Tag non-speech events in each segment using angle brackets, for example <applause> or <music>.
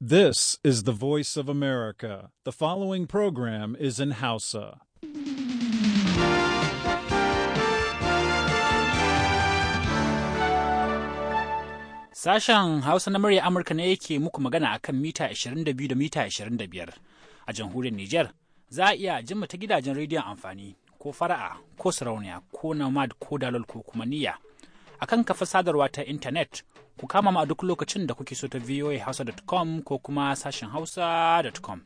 This is the voice of America. The following program is in Hausa. Sashen Hausa na murya Amurka ne yake muku magana akan mita 22 da mita 25 a jamhuriyar Nijar. Za a iya jimma ta gidajen rediyon amfani ko fara'a ko sarauniya ko nomad ko dalol ko kuma niyya. Akan kafa sadarwa ta intanet ku kama mu a duk lokacin da kuke so ta voahausa.com ko kuma sashen hausa.com.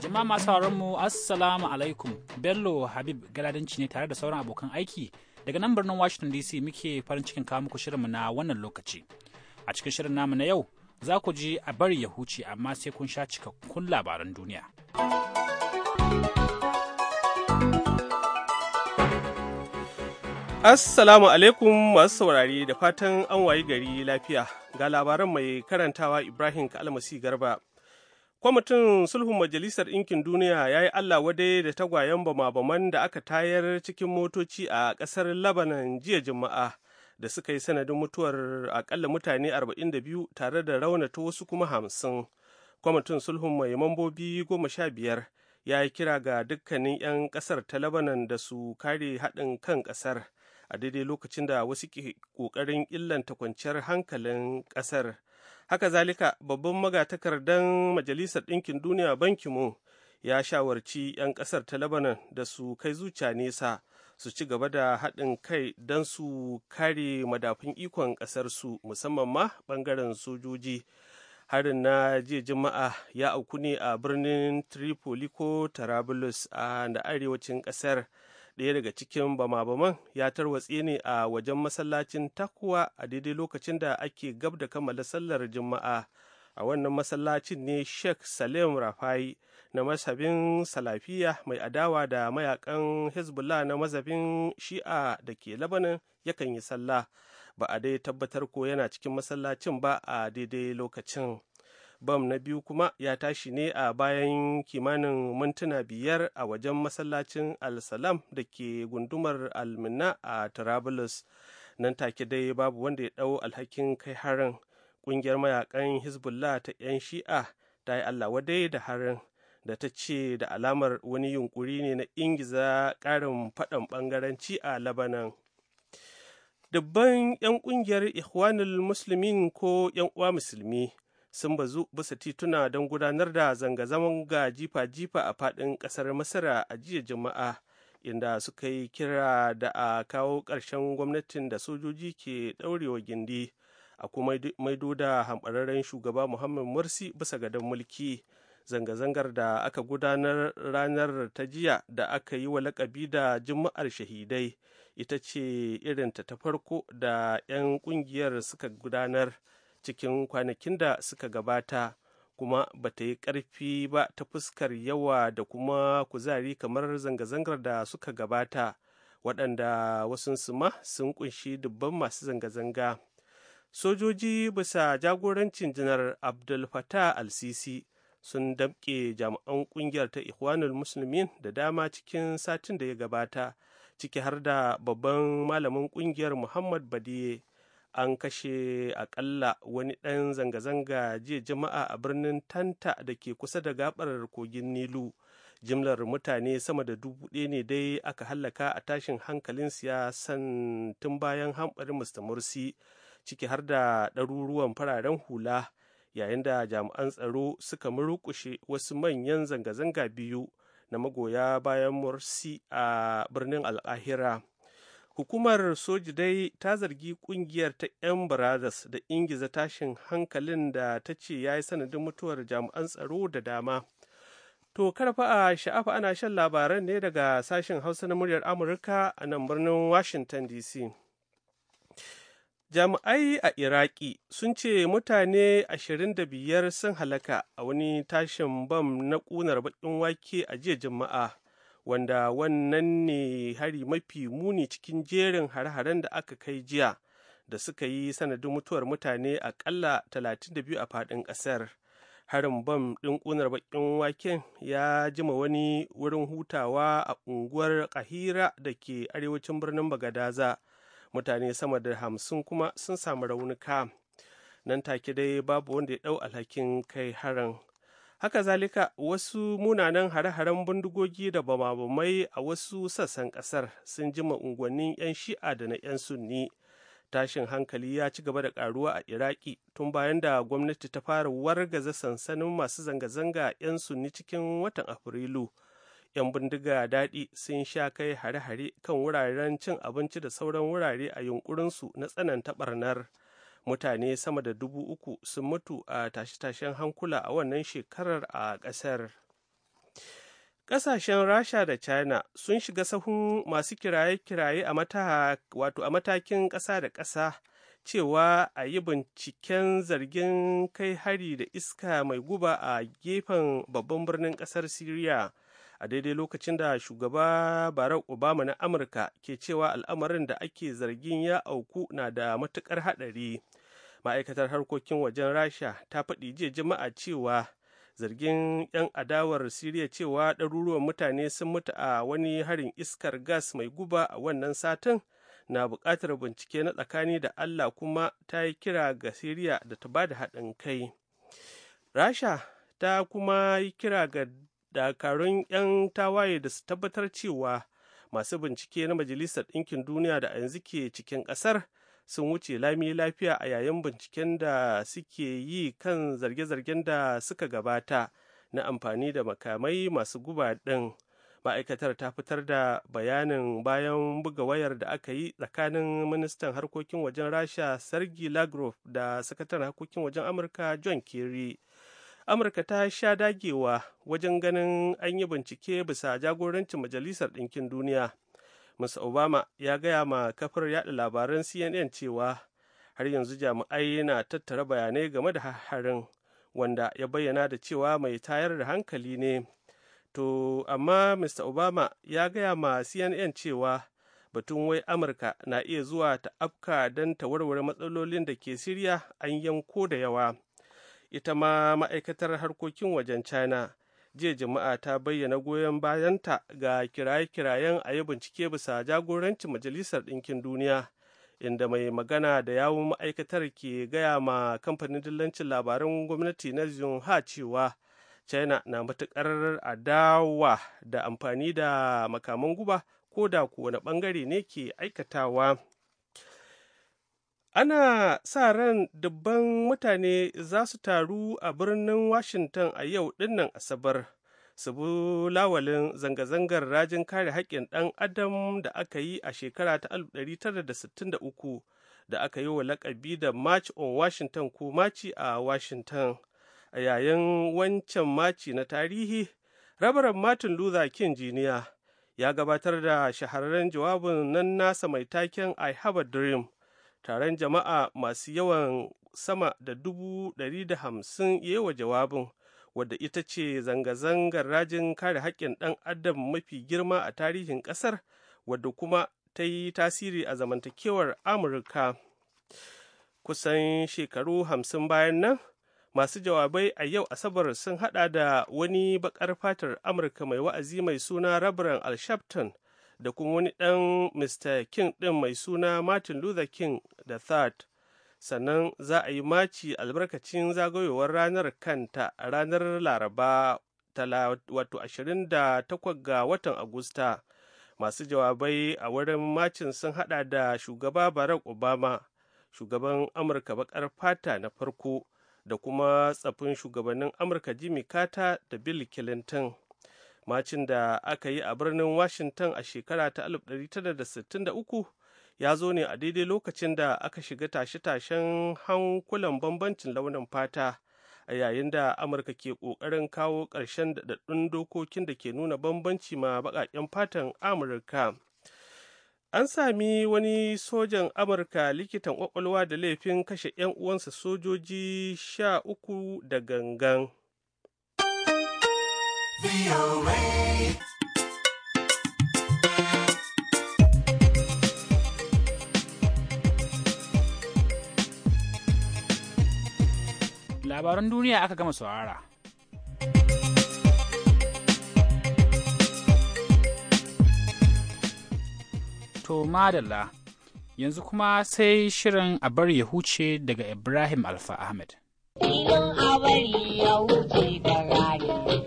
Jama'a masu mu Assalamu alaikum, Bello Habib Galadanci ne tare da sauran abokan aiki daga nan birnin Washington DC muke farin cikin kawo muku shirinmu na wannan lokaci. A cikin shirin namu na yau, za ku ji a bari ya huce amma sai kun sha cikakkun labaran duniya. Assalamu alaikum masu saurari da fatan an wayi gari lafiya ga labaran mai karantawa Ibrahim Kalmasi Garba. Kwamitin sulhun Majalisar Ɗinkin Duniya ya yi Allah wadai da tagwayen bama-baman da aka tayar cikin motoci a ƙasar Labanan jiya Juma'a da suka yi sanadin mutuwar akalla mutane 42 tare da raunata wasu kuma hamsin. Kwamitin sulhun mai mambobi goma sha biyar ya yi kira ga dukkanin 'yan ƙasar ta Labanan da su kare haɗin kan ƙasar. a daidai lokacin da wasu ke ƙoƙarin illanta kwanciyar hankalin ƙasar haka zalika babban magatakardan majalisar ɗinkin duniya banki mu ya shawarci 'yan ƙasar ta lebanon da su kai zuciya nesa su ci gaba da haɗin kai don su kare madafin ikon su musamman ma ɓangaren sojoji harin na jiya juma'a ya auku ne a birnin tripoli ko tarabulus a da arewacin ƙasar ɗaya daga cikin bama-baman ya tarwatse ne a wajen masallacin takuwa a daidai lokacin da ake gab da kammala sallar juma'a a wannan masallacin ne sheikh salim rafai na mazhabin salafiya mai adawa da mayakan hezbollah na mazhabin shi'a da ke labanin yakan yi sallah ba a dai tabbatar ko yana cikin masallacin ba a daidai lokacin bam na biyu kuma ya tashi ne a bayan kimanin mintuna biyar a wajen masallacin al-salam da ke gundumar alminna a trablus nan take dai babu wanda ya dau alhakin kai harin ƙungiyar mayakan hezbollah ta 'yan shi'a ta yi allah wadai da harin da ta ce da alamar wani yunkuri ne na ingiza ƙarin faɗan ɓangaranci a labanan dubban 'yan ƙungiyar ikhwanul muslimin ko 'yan uwa musulmi sun bazu bisa tituna don gudanar da zanga-zanga jifa-jifa a faɗin ƙasar masara a jiya juma'a inda suka yi kira da a kawo ƙarshen gwamnatin da sojoji ke ɗaurewa gindi a kuma maido da hamɓararren shugaba muhammad morsi bisa gadon mulki zanga-zangar da aka gudanar ranar ta jiya da aka yi wa lakabi da juma'ar shahidai ita ce irinta ta farko da 'yan ƙungiyar suka gudanar cikin kwanakin da suka gabata kuma ba ta yi ƙarfi ba ta fuskar yawa da kuma kuzari kamar zanga-zangar da suka gabata waɗanda wasu ma sun kunshi dubban masu zanga-zanga sojoji bisa jagorancin janar abdul fatah al-sisi sun damƙe jami'an ƙungiyar ta ikhwanul musulmin da dama cikin satin da ya gabata ciki har da babban malamin ƙungiyar muhammad badiye an kashe akalla wani ɗan zanga-zanga jiya jama'a a birnin tanta da ke kusa da gabar kogin nilu jimlar mutane sama da dubu ɗaya ne dai aka hallaka a tashin hankalin siyasan tun bayan hamɓarin mr morsi ciki har da ɗaruruwan fararen hula yayin da jami'an tsaro suka murƙushe wasu manyan zanga-zanga biyu na magoya bayan morsi a birnin al'ahira Hukumar soji dai ta zargi kungiyar ta 'yan Brothers da ingiza tashin hankalin da ta ce ya yi sanadin mutuwar jami'an tsaro da dama. To karfa a sha'afa ana shan labaran ne daga sashen Hausa na muryar Amurka a nan birnin Washington DC. Jami'ai a Iraki sun ce mutane 25 sun halaka a wani tashin bam na ƙunar baƙin wake a jiya Juma'a. wanda wannan ne hari mafi muni cikin jerin hare-haren da aka kai jiya da suka yi sanadin mutuwar mutane akalla 32 a faɗin ƙasar harin bam ɗin ƙunar baƙin waken ya jima wani wurin hutawa a unguwar kahira da ke arewacin birnin bagadaza mutane sama da hamsin kuma sun samu raunuka nan take dai babu wanda ya ɗau alhakin kai harin haka zalika wasu munanan hare-haren bindigogi da bamabamai a wasu sassan kasar sun jima unguwannin 'yan shi'a da na 'yan sunni tashin hankali ya ci gaba da karuwa a iraki tun bayan da gwamnati ta fara wargaza sansanin masu zanga-zanga 'yan sunni cikin watan afrilu 'yan bindiga daɗi sun sha kai hare-hare kan wuraren cin abinci da sauran wurare a yunkurinsu na tsananta ɓarnar. mutane sama da dubu uku sun mutu a tashe-tashen hankula a wannan shekarar a ƙasar ƙasashen rasha da china sun shiga sahun masu kiraye-kiraye a matakin ƙasa da ƙasa cewa a yi binciken zargin kai hari da iska mai guba a gefen babban birnin ƙasar syria a daidai lokacin da shugaba barack obama na amurka ke cewa al'amarin da ake zargin ya auku na da matukar haɗari ma'aikatar harkokin wajen rasha ta faɗi jiya jama'a cewa zargin 'yan adawar siriya cewa ɗaruruwan mutane sun mutu a wani harin iskar gas mai guba a wannan satin na buƙatar bincike na tsakani da allah kuma ta yi kira ga siriya da ta ba da haɗin kai rasha ta kuma yi kira ga dakarun 'yan tawaye da su tabbatar cewa masu bincike na majalisar ɗinkin duniya da yanzu ke cikin ƙasar sun wuce lami lafiya a yayin binciken da suke yi kan zarge-zargen da suka gabata na amfani da makamai masu guba ɗin ma'aikatar ta fitar da bayanin bayan buga wayar da aka yi tsakanin ministan harkokin wajen rasha sergi lagrov da sakataren harkokin wajen amurka john kerry amurka ta sha dagewa wajen ganin an yi bincike bisa jagorancin majalisar ɗinkin duniya Mr. Obama ya gaya ma kafar yada labaran CNN cewa har yanzu jami'ai na tattara bayanai game da harin wanda ya bayyana da cewa mai tayar da hankali ne. To, amma Mr. Obama ya gaya ma CNN cewa batun wai Amurka na iya zuwa ta afka don ta warware matsalolin da ke Siriya an yanko da yawa. Ita ma ma'aikatar harkokin wajen China jiya jama'a ta bayyana goyon bayanta ga kiraye-kirayen a yi bincike bisa jagorancin majalisar ɗinkin duniya inda mai magana da yawun ma'aikatar ke gaya ma kamfanin dillancin labaran gwamnati na ha cewa china na matuƙar adawa da amfani da makaman guba ko da kuwa ɓangare ne ke aikatawa Ana sa ran dubban mutane za su taru a birnin Washington a yau dinnan Asabar, su bu lawalin zanga-zangar rajin kare haƙƙin ɗan Adam da aka yi a shekara ta 1963 da aka yi wa lakabi da March on Washington ko Maci a Washington. A yayin wancan Maci na tarihi, rabaran Martin Luther King Jr. ya gabatar da shahararren jawabin nan nasa mai taken I have a dream. taron jama'a masu yawan sama da dubu ɗari da hamsin yawa jawabin wadda ita ce zanga-zangar rajin kare haƙƙin ɗan adam mafi girma a tarihin ƙasar wadda kuma ta yi tasiri a zamantakewar amurka kusan shekaru hamsin bayan nan masu jawabai a yau asabar sun hada da wani bakar fatar amurka mai wa'azi mai suna rabaran al da kuma wani ɗan Mr. King ɗin mai suna Martin Luther King da Third. Sannan za a yi maci albarkacin zagayowar ranar kanta a ranar Laraba wato 28 ga watan Agusta. Masu jawabai a wurin macin sun haɗa da shugaba Barack Obama, shugaban Amurka baƙar fata na farko, da kuma tsafin shugabannin Amurka Jimmy Carter da Bill Clinton. macin da aka yi a birnin washington a shekara ta 1963 ya zo ne a daidai lokacin da aka shiga tashe-tashen hankulan bambancin launin fata a yayin da amurka ke ƙoƙarin kawo ƙarshen daɗaɗɗun dokokin da ke nuna bambanci ma baƙaƙen fatan amurka an sami wani sojan amurka likitan ƙwaƙwalwa da laifin kashe 'yan uwansa sojoji sha uku da gangan Labaran duniya aka gama saurara. To madalla, yanzu kuma sai shirin a bari ya huce daga Ibrahim Alfa Ahmed. Filin a ya huce da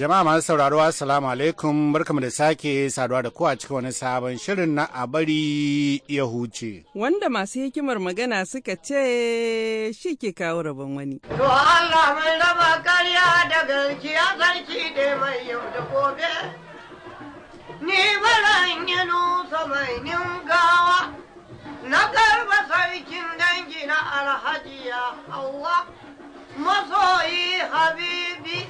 Jama'a masu sauraro assalamu alaikum barkamu da sake saduwa da ku a cikin wani sabon shirin na a bari ya huce. Wanda masu hikimar magana suka ce shi ke kawo rabon wani. To Allah mai raba karya da gaskiya sarki da mai yau da gobe. Ni baran yi nusa mai ningawa na garba sarkin dangi na Alhaji ya Hauwa masoyi habibi.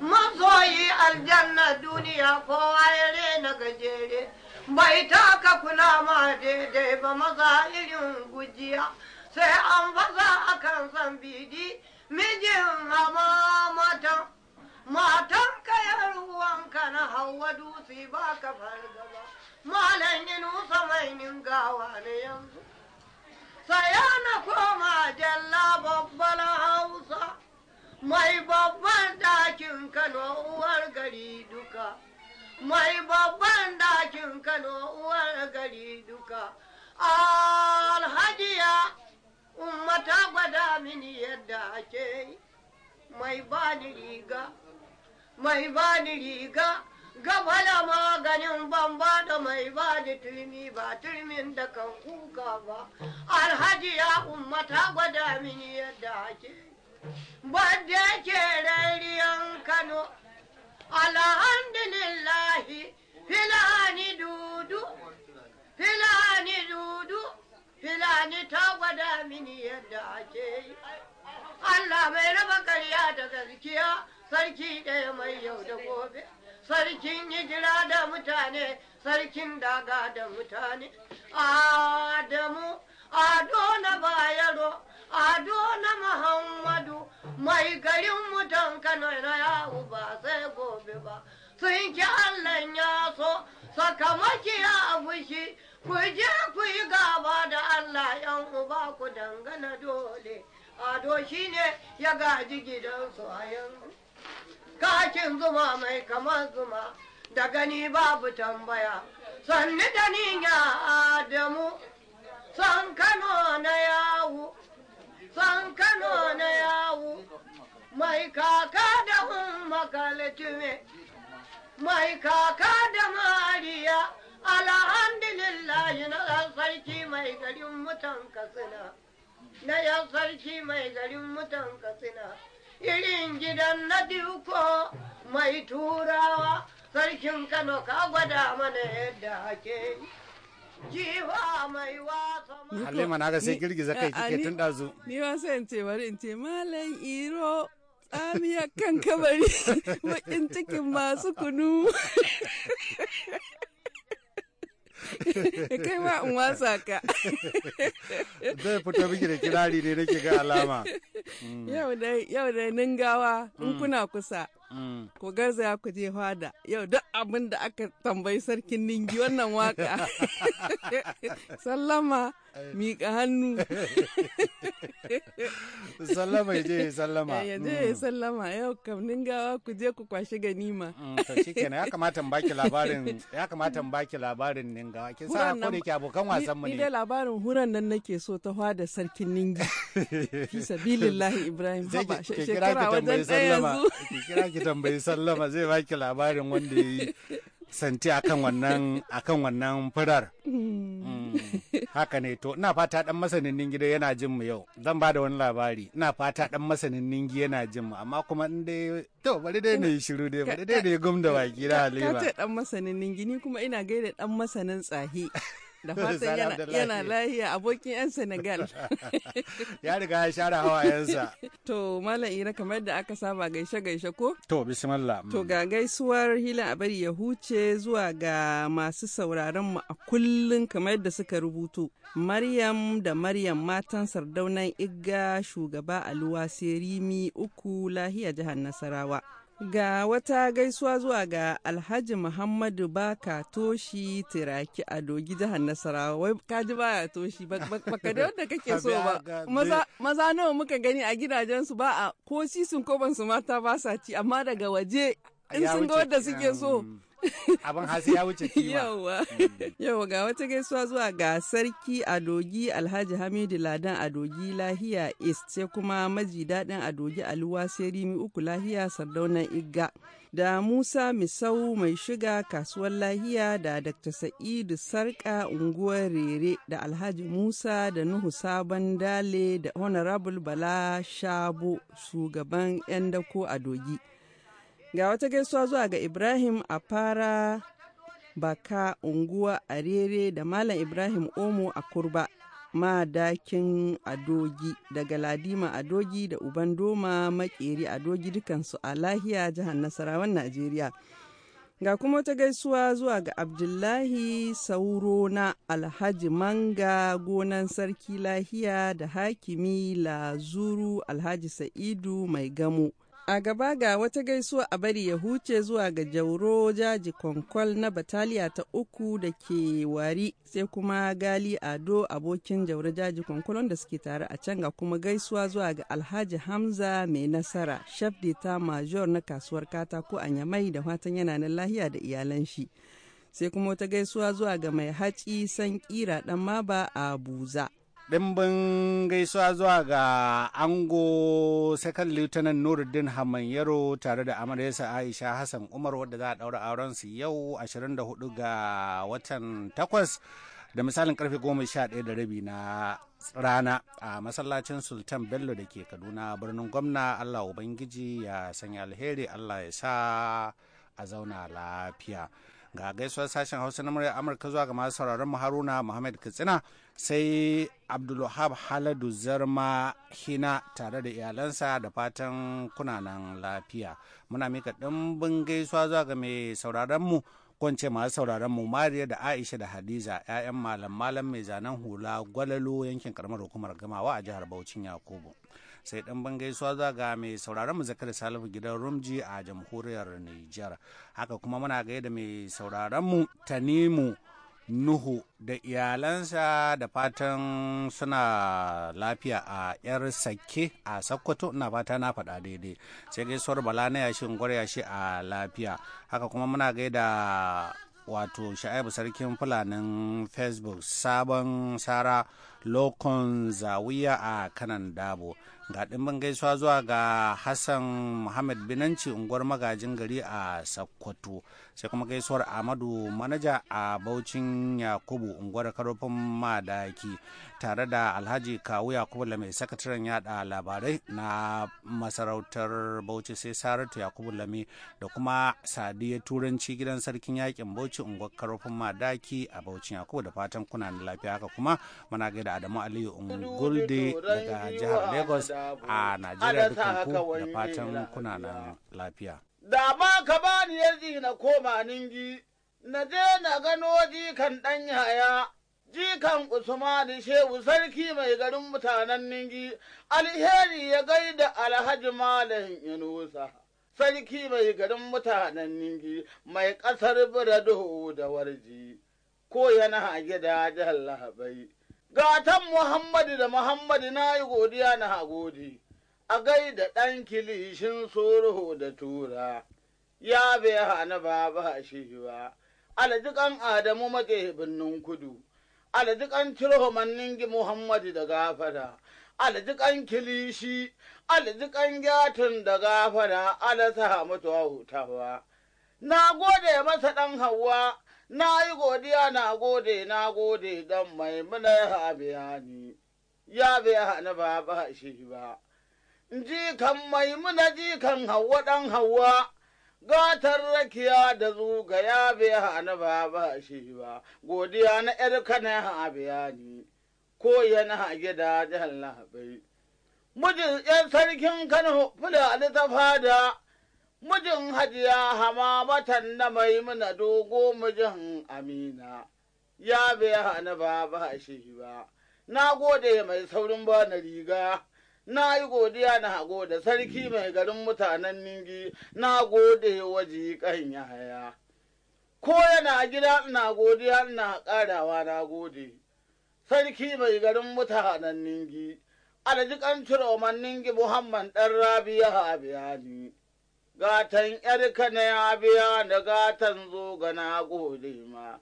mazoyi aljanna duniya kowa ya na gajere bai taka kula ma daidai ba maza irin gujiya sai an baza akan san bidi mijin hama matan matan ruwanka na hawa dutse ba ka fargaba malam yi nusa mainin gawa ne yanzu saya na koma jalla babban hausa mai babba mai babban dakin kano uwar gari duka alhajiya ummata gwada mini yadda ake mai bani riga mai bani riga gabala maganin bamba da mai bani turmi ba turmin da kan kuka ba alhajiya ummata gwada mini yadda ake ba da ke rariyan kano Alhamdulillahi filani dudu, filani dudu, filani ta gwada mini yadda ake yi. Allah mai raba karya da gaskiya sarki ɗaya mai yau da gobe. Sarkin hijira da mutane, sarkin daga da mutane, Adamu, mai garin mutan kano na yawo ba sai gobe ba sun ki allah ya so sakamaki ya fushi ku je ku yi gaba da allah yan uba ku dangana dole ado ne ya gaji gidansu a yanzu kashin zuma mai kamar zuma da gani babu tambaya sannu da ni ya adamu san kano na yawo san kano na yawo mai kaka da makalitume mai kaka da mariya alhamdulillahi na ɗan sarki mai garin mutan katsina na yan sarki mai garin mutan katsina irin gidan na duko mai turawa sarkin kano ka gwada mana yadda ake yi Halima na ga sai girgiza kai kike tun ɗazu. Ni ma sai in ce bari in ce Malam Iro tsamiya kan kabari <laughs> bakin cikin masu kunu. <laughs> Kai ma in wasa ka. <laughs> Zai fito miki da kirari ne nake ga alama. Yau da ningawa in mm. kuna kusa. Mm. Ku garzaya ku je fada yau duk abin da aka tambayi sarkin ningi wannan waka. <laughs> Sallama. Eh. miƙa hannu <laughs> sallama ya je ya sallama eh, ya je ya mm. sallama yau kamnin gawa ku je ku kwashe ganima mm, shikenan ya kamata in baki labarin ya kamata in baki labarin ningawa kin sa ko da ke abokan wasan mu ne ni da labarin huran nan nake so ta hwada sarkin ningi <laughs> fi sabilillahi ibrahim haba shekara wajen ɗaya yanzu <laughs> ki kira ki tambayi sallama zai baki labarin wanda ya yi santi akan wannan akan wannan furar mm. haka ne to ina fata dan masanin ningi dai yana jin mu yau zan ba da wani labari ina fata dan masanin ningi yana jin mu amma kuma in dai to bari dai ne shiru dai bari dai ne gum da baki da halima ka ce dan masanin ningi ni kuma ina gaida dan masanin tsahi da <laughs> fatan yana lahiya abokin 'yan senegal <laughs> ya riga ya share hawayensa <laughs> to ira kamar da aka saba gaishe gaishe ko to bismillah to mm. ga gaisuwar hila a bari ya huce zuwa ga masu sauraron mu a kullun kamar da suka rubutu maryam da maryam matan sardaunan igga shugaba aluwa serimi uku lahiya jihar nasarawa Ga wata gaisuwa zuwa ga Alhaji Muhammadu Baka Toshi Tiraki a Dogi jihar Nasarawa. Wai kaji baya Toshi baka da wanda kake so ba. <laughs> Maza nawa muka gani a gidajensu ba a ko sisun ko ban su mata ba sa ci amma daga waje in sun ga wadda suke so <laughs> abin hasi ya wuce kima yawa mm. yawa ga wata gaisuwa zuwa ga sarki adogi alhaji hamidu ladan adogi lahiya east sai kuma maji daɗin adogi aluwa sai rimi uku lahiya sardaunan iga da musa misau mai shiga kasuwar lahiya da dr sa'idu sarka unguwar rere da alhaji musa da nuhu sabon dale da honorable bala shabo shugaban 'yan dako adogi Ga wata gaisuwa zuwa ga Ibrahim a fara baka unguwa a rere da Malam Ibrahim Omo a kurba. Madakin Adogi daga Ladima Adogi da Uban Doma Makeri Adogi dukansu a lahiya jihar Nasarawan Najeriya. Ga kuma wata gaisuwa zuwa ga Abdullahi Sauro na Alhaji Manga gonan Sarki Lahiya da Hakimi Lazuru Alhaji Sa'idu Mai Gamo. A gaba ga wata gaisuwa a bari ya huce zuwa ga Jauro Jaji Konkwal na Bataliya ta uku da ke wari sai kuma Gali Ado abokin Jauro Jaji Konkwal wanda suke tare a can ga kuma gaisuwa zuwa ga Alhaji Hamza mai nasara shafdita major na kasuwar katako a Nyamai da fatan yana nan lahiya da iyalan shi. Sai kuma wata gaisuwa zuwa ga mai haci san kira dan maba a Buza. ɗimbin gaisuwa zuwa ga ango second lieutenant nuruddin hamanyaro tare da amaryarsa aisha hassan umar wadda za a ɗaura su yau 24 ga watan 8 da misalin karfe 11 da rabi na rana a masallacin sultan bello da ke kaduna birnin gwamna allah ubangiji ya sanya alheri allah ya sa a zauna lafiya ga gaisuwar sashen hausa na murya amurka zuwa ga masu sauraron mu haruna muhammad katsina sai abdulwahab haladu zarma hina tare da iyalansa da fatan kunanan lafiya muna mika ɗimbin gaisuwa zuwa ga mai sauraron mu kwance masu sauraron mu mariya da aisha da hadiza 'ya'yan malam malam mai zanen hula gwalalo yankin karamar hukumar gamawa a jihar bauchin yakubu sai dan ban gaisuwa za ga mai sauraron mu zakar salihu gidan rumji a jamhuriyar nijar haka kuma muna gaida mai sauraron mu tanimu Nuhu da iyalansa da fatan suna lafiya a 'yar sake a Sokoto na fata na faɗa daidai sai gaisuwar bala na yashi gwarya shi a lafiya haka kuma muna gaida wato sha'ibu sarkin fulanin facebook sabon sara lokon zawiya a kanan dabo ga ɗimbin gaisuwa zuwa ga hassan muhammad binanci unguwar magajin gari a sakkwato sai kuma gaisuwar amadu manaja a baucin yakubu unguwar karofin madaki tare da alhaji kawu yakubu lame sakataren yada labarai na masarautar bauchi sai saratu yakubu lame da kuma sadiya turanci gidan sarkin yakin bauchi unguwar karofin madaki a baucin yakubu da fatan kuna da lafiya haka kuma muna gaida adamu aliyu ungulde daga jihar lagos a Najeriya dukanku da fatan kuna nan lafiya. Da ba ka ba ni yanzu na koma ningi, na je na gano jikan ɗan yaya, jikan Usman Shehu sarki mai garin mutanen ningi, alheri ya gaida alhaji Malam Yunusa. Sarki mai garin mutanen ningi, mai ƙasar Biradu da Warji, ko yana gida jihar Labai. gatan Muhammadu da Muhammadu na yi godiya na hagodi, a gaida ɗan kilishin sorho da tura, ya bai hana babu shi ba, Adamu maƙe birnin kudu, Aljikan turhomannin gi Muhammadu da gafara, alajikan kilishi, alajikan gyatun da gafara, alasa mutuwa hutawa. Na gode masa ɗan hawa. na yi godiya na gode na gode don mai muna ya biya ni ya biya hana ba ba shi ba jikan mai muna jikan hawa ɗan hawa gatar rakiya da zuga ya biya hana ba ba shi ba godiya na yar kana ya biya ni ko yana gida jihar labai mijin yan sarkin kano Fulani ta fada mijin hajiya matan na maimuna dogo mijin amina ya biya hana ba ba shi ba na gode mai saurin ba na riga na yi godiya na hago da sarki mai garin mutanen ningi na gode waje kan yahaya ko yana gida na godiya ina karawa na gode sarki mai garin mutanen ningi aljikan ciroman ningi muhammad ɗan rabiya a ne gatan ‘yarka na ya biya da gatan zo na gode ma.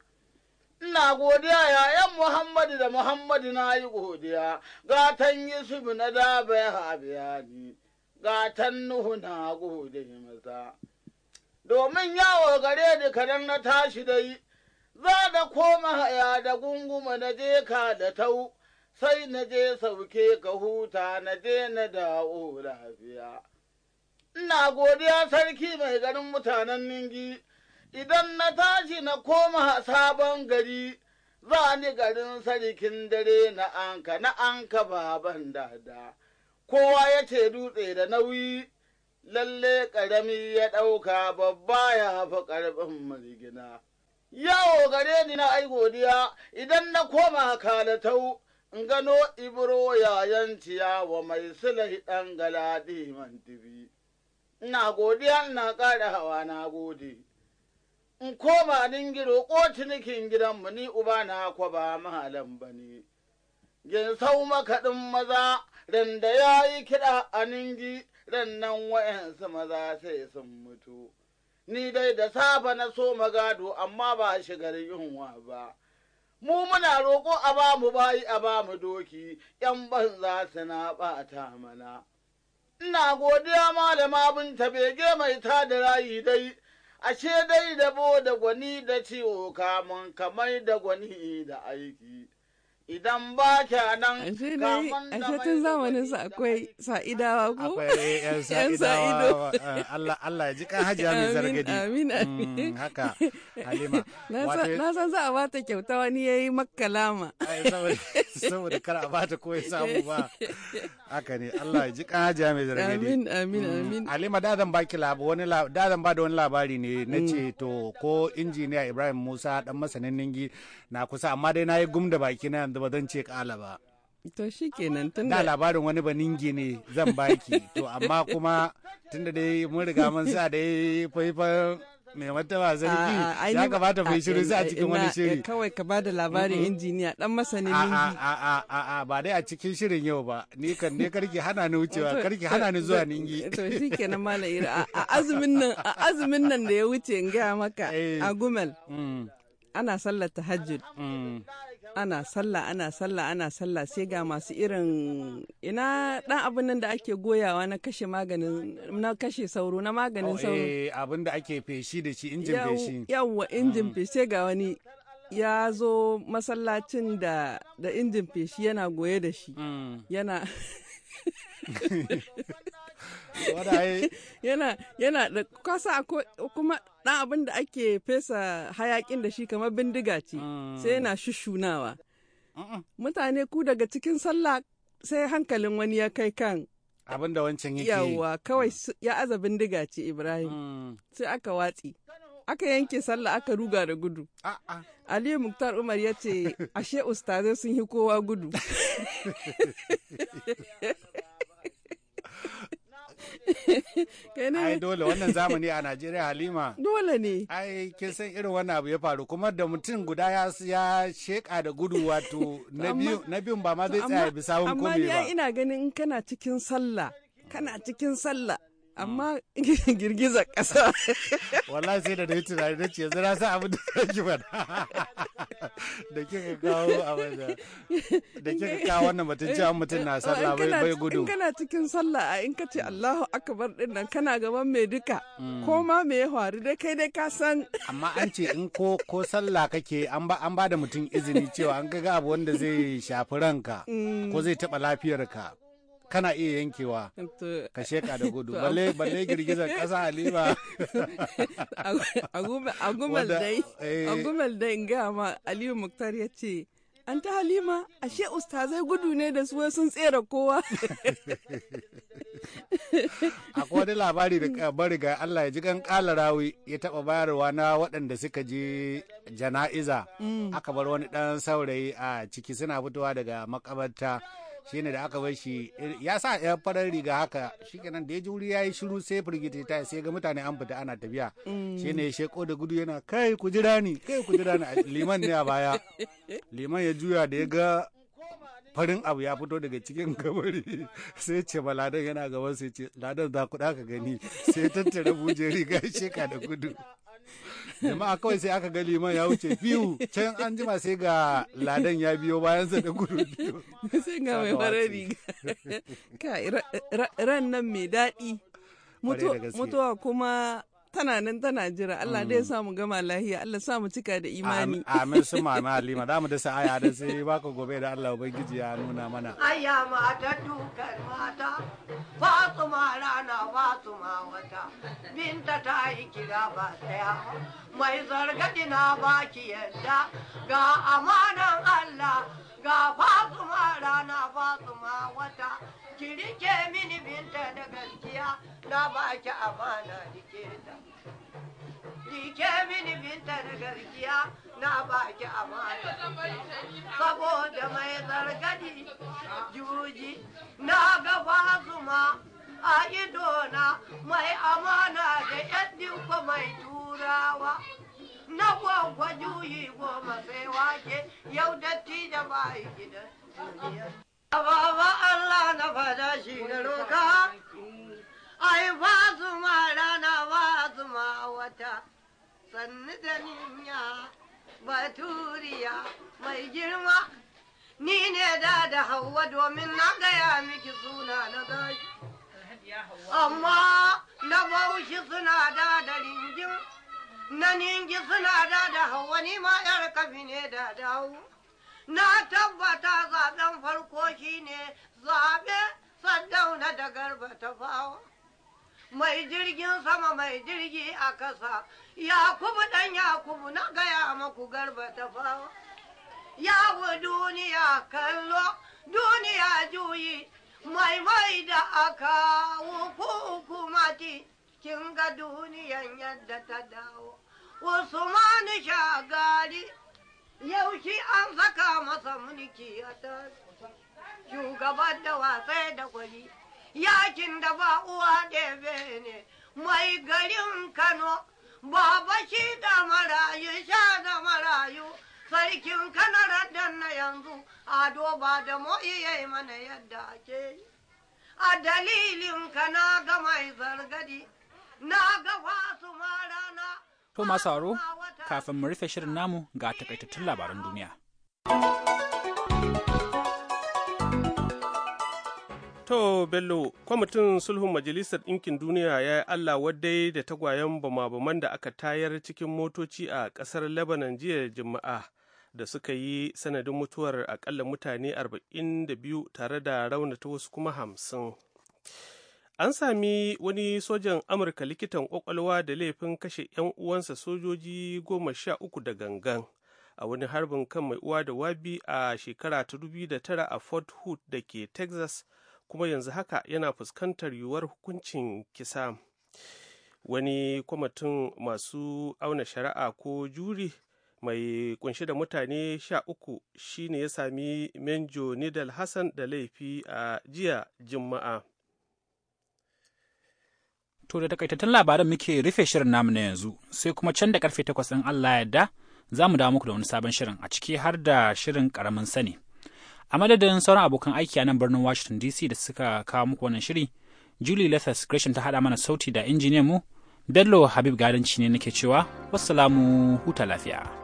Ina godiya yayan Muhammadu da Muhammadu na yi godiya, gatan yusuf na daba ya habiya ni, gatan Nuhu na gode masa. Domin yawo gare da kadan na tashi da yi, za da koma haya da gunguma na je ka da tau, sai na je sauke ka huta na je na da'o lafiya. ina godiya sarki mai garin mutanen ningi, idan na tashi na koma sabon gari, za ni garin sarkin dare na anka na anka baban dada. Kowa ya ce dutse da nauyi, lalle ƙarami ya ɗauka babba ya hafa ƙarfin marigina. Yawo gare ni na ai godiya idan na koma kalatau in gano ibro yayan ciyawa mai sulahi ɗan galadi mantibi. ina godiya ina ƙara hawa na gode. In koma ningi ko cinikin gidanmu ni uba na kwa ba mahalan ba ne. Ginsau makaɗin maza, randa ya yi kiɗa a ningi, rannan wa'yansu maza sai sun mutu. Ni dai da safa na so magado amma ba shigar yunwa ba. Mu muna roƙo a ba mu bayi a ba mu doki, ‘yan banza suna ɓata mana. Ina godiya malama binta bege mai ta da rayi dai, ashe dai bo da gwani da ciwo kamun kamai da gwani da aiki. idan ba kya nan a tun zamanin akwai sa'idawa ko akwai yan <laughs> sa'ido eh, Allah Allah ya ji kan hajiya mai zargadi amin mm, amin haka <laughs> halima na san za a bata kyauta wani yi makkalama <laughs> saboda kar a bata ko ya samu ba haka ne Allah ya ji kan hajiya mai zargadi amin amin mm, amin halima da zan ki wani dadan ba da wani labari ne mm. ce to ko injiniya Ibrahim Musa dan masanin ningi na kusa amma dai na yi gum da baki na yanzu ba zan ce kala ba to shi kenan tun da labarin wani baninge ne zan baki to amma kuma tun da dai mun riga mun sa dai faifan mai martaba zargi ya bata mai shiru sa a cikin wani eh, shiri kawai ka bada labarin mm-hmm. injiniya dan masani ne. a a a a ba dai a cikin shirin yau ba ni kan ne karki hana ni wucewa karki hana ni zuwa ningi to kenan malam ira a azumin nan a azumin nan da ya wuce in gaya maka <laughs> eh. a gumel mm. ana sallar tahajjud mm. ana sallah ana sallah ana sallah sai ga masu irin ina dan abin nan da ake goyawa na kashe maganin na kashe sauro na maganin oh, sauro eh abin da ake feshi da shi injin feshi yawa injin mm. feshi sai ga wani ya zo masallacin da da injin feshi yana goye da shi mm. yana <laughs> <laughs> yana yana da kasa kuma dan abin da ake fesa hayakin da shi kamar bindiga ce ah. sai yana shushunawa mutane ku daga cikin sallah sai hankalin wani ya kai kan abin da wancan yake yawa kawai mm. ya aza bindiga ce ibrahim mm. sai aka watsi aka yanke sallah aka ruga da gudu aliyu muktar umar ya ce ashe ustazai sun yi kowa gudu <laughs> <laughs> ai dole wannan zamani a Najeriya Halima. Dole ne. Ai kin san irin wannan abu ya faru kuma da mutum guda ya ya sheka da gudu wato na biyu ba ma zai tsaya bisa hukumi ba. Amma ina ganin kana cikin sallah kana cikin sallah amma mm. <laughs> girgizar ƙasa <laughs> wallahi sai da dai tunani da ce yanzu na sa abin da kake <laughs> da kika kawo wajen da kika kawo wannan batun cewa mutum na oh, sallah bai bai gudu in kana cikin sallah in ka ce mm. Allahu akbar din nan kana gaban me duka mm. ko ma me ya faru dai kai dai ka san amma an ce in ko ko sallah kake an ba an ba da mutum izini cewa an ga abu wanda zai shafi ranka ko zai taɓa lafiyarka kana iya yankewa ka sheka da gudu balle girgizar kasa halima <laughs> agumal dai eh. agumal dai in gaya ma aliyu muktar ya ce an ta halima ashe ustazai gudu ne da su sun tsere kowa <laughs> akwai wani labari da bari ga Allah ya ji kan kala rawi ya taba bayarwa na waɗanda suka ji jana'iza mm. aka bar wani ɗan saurayi a ciki suna fitowa daga makabarta Shi ne da aka bar shi eh, ya sa ya farar riga haka shi nan da ya ji wuri ya yi shiru sai firgita ta sai ga mutane an fita ana tafiya mm. ne ya sheko da gudu yana kai ku jira ni kai ku jira ni liman ne a baya <laughs> liman ya juya da ya ga farin abu ya fito daga cikin <laughs> kabari sai ce ba ladan yana gaban sai ce ladan za ku ka gani sai tattara buje riga sheka da gudu jama'a kawai sai aka ga liman ya wuce biyu can an jima sai ga ladan ya biyo bayan sa da gudu <laughs> sai ga mai farar riga <laughs> ka ran nan mai daɗi mutuwa kuma tana nan tana jira Allah dai ya mm. samu gama lahiya Allah sa mu cika da imani amin su <laughs> mama halima za mu da aya da sai baka gobe da Allah ubangiji ya nuna mana ayya mata dukar mata fatima rana wata binta ta yi kira ba daya mai zargadi na baki yadda ga amanan Allah ga fatima rana fatima wata ki rike mini binta da gaskiya na baki amana rike ta mini binta da gaskiya na baki amana saboda mai zargadi juji na gaba zuma a idona mai amana da yan mai turawa na gwagwa juyi goma sai wake yau datti da bayi gidan duniya ba Allah na fada shi na roka, ai ma rana ma wata, sannu da ninya baturiya mai girma, ni ne da da hawa domin na gaya miki suna na gashi. Amma na baushi suna da da ringin, na ningi suna da da hawa ni ma 'yar kafi ne da dawo. na tabbata zaben farko shine zaɓe sandauna da garba ta fawa. Mai jirgin sama mai jirgi a kasa, Yakubu ɗan Yakubu na gaya maku garba ta fawa. Yawo duniya kallo, duniya juyi, mai mai da aka wuku hukumati, kin ga duniyan yadda ta dawo. Usmanu shagari. yau shi an saka masa mulki a ta shugaban da wasai da gwani yakin da ba uwa ɗebe ne mai garin kano baba shi da marayu sha da marayu sarkin kanarar da na yanzu ado ba da mo'i ya yi mana yadda ake yi a dalilin ka na ga mai zargadi na ga wasu ma rana To masu sauro kafin mu rufe shirin namu ga takaitattun labaran duniya. To Bello, kwamitin sulhun Majalisar Ɗinkin Duniya ya yi Allah wadai da tagwayen bama-baman da aka tayar cikin motoci a ƙasar Lebanon jiya Juma'a da suka yi sanadin mutuwar akalla mutane 42 tare da raunata wasu kuma hamsin. An sami wani sojan Amurka likitan ƙwaƙwalwa da laifin kashe 'yan uwansa sojoji goma sha uku da gangan a wani harbin kan mai uwa da wabi a shekara ta dubi da tara a Fort Hood da ke Texas kuma yanzu haka yana fuskantar yiwuwar hukuncin kisa. Wani kwamitin masu auna shari'a ko juri mai kunshi da mutane sha uku shine ya sami Menjo Nidal Hassan da laifi a jiya Juma'a. To da takaitattun labaran muke rufe shirin namu na yanzu sai kuma can da karfe takwas ɗin Allah yadda za mu dawo muku da wani sabon shirin a ciki har da shirin karamin sani. A madadin sauran abokan aiki a nan birnin Washington DC da suka kawo muku wannan shiri, Julie Lethers Gresham ta haɗa mana sauti da injiniyan mu, Bello Habib Gadanci ne nake cewa, wassalamu huta lafiya.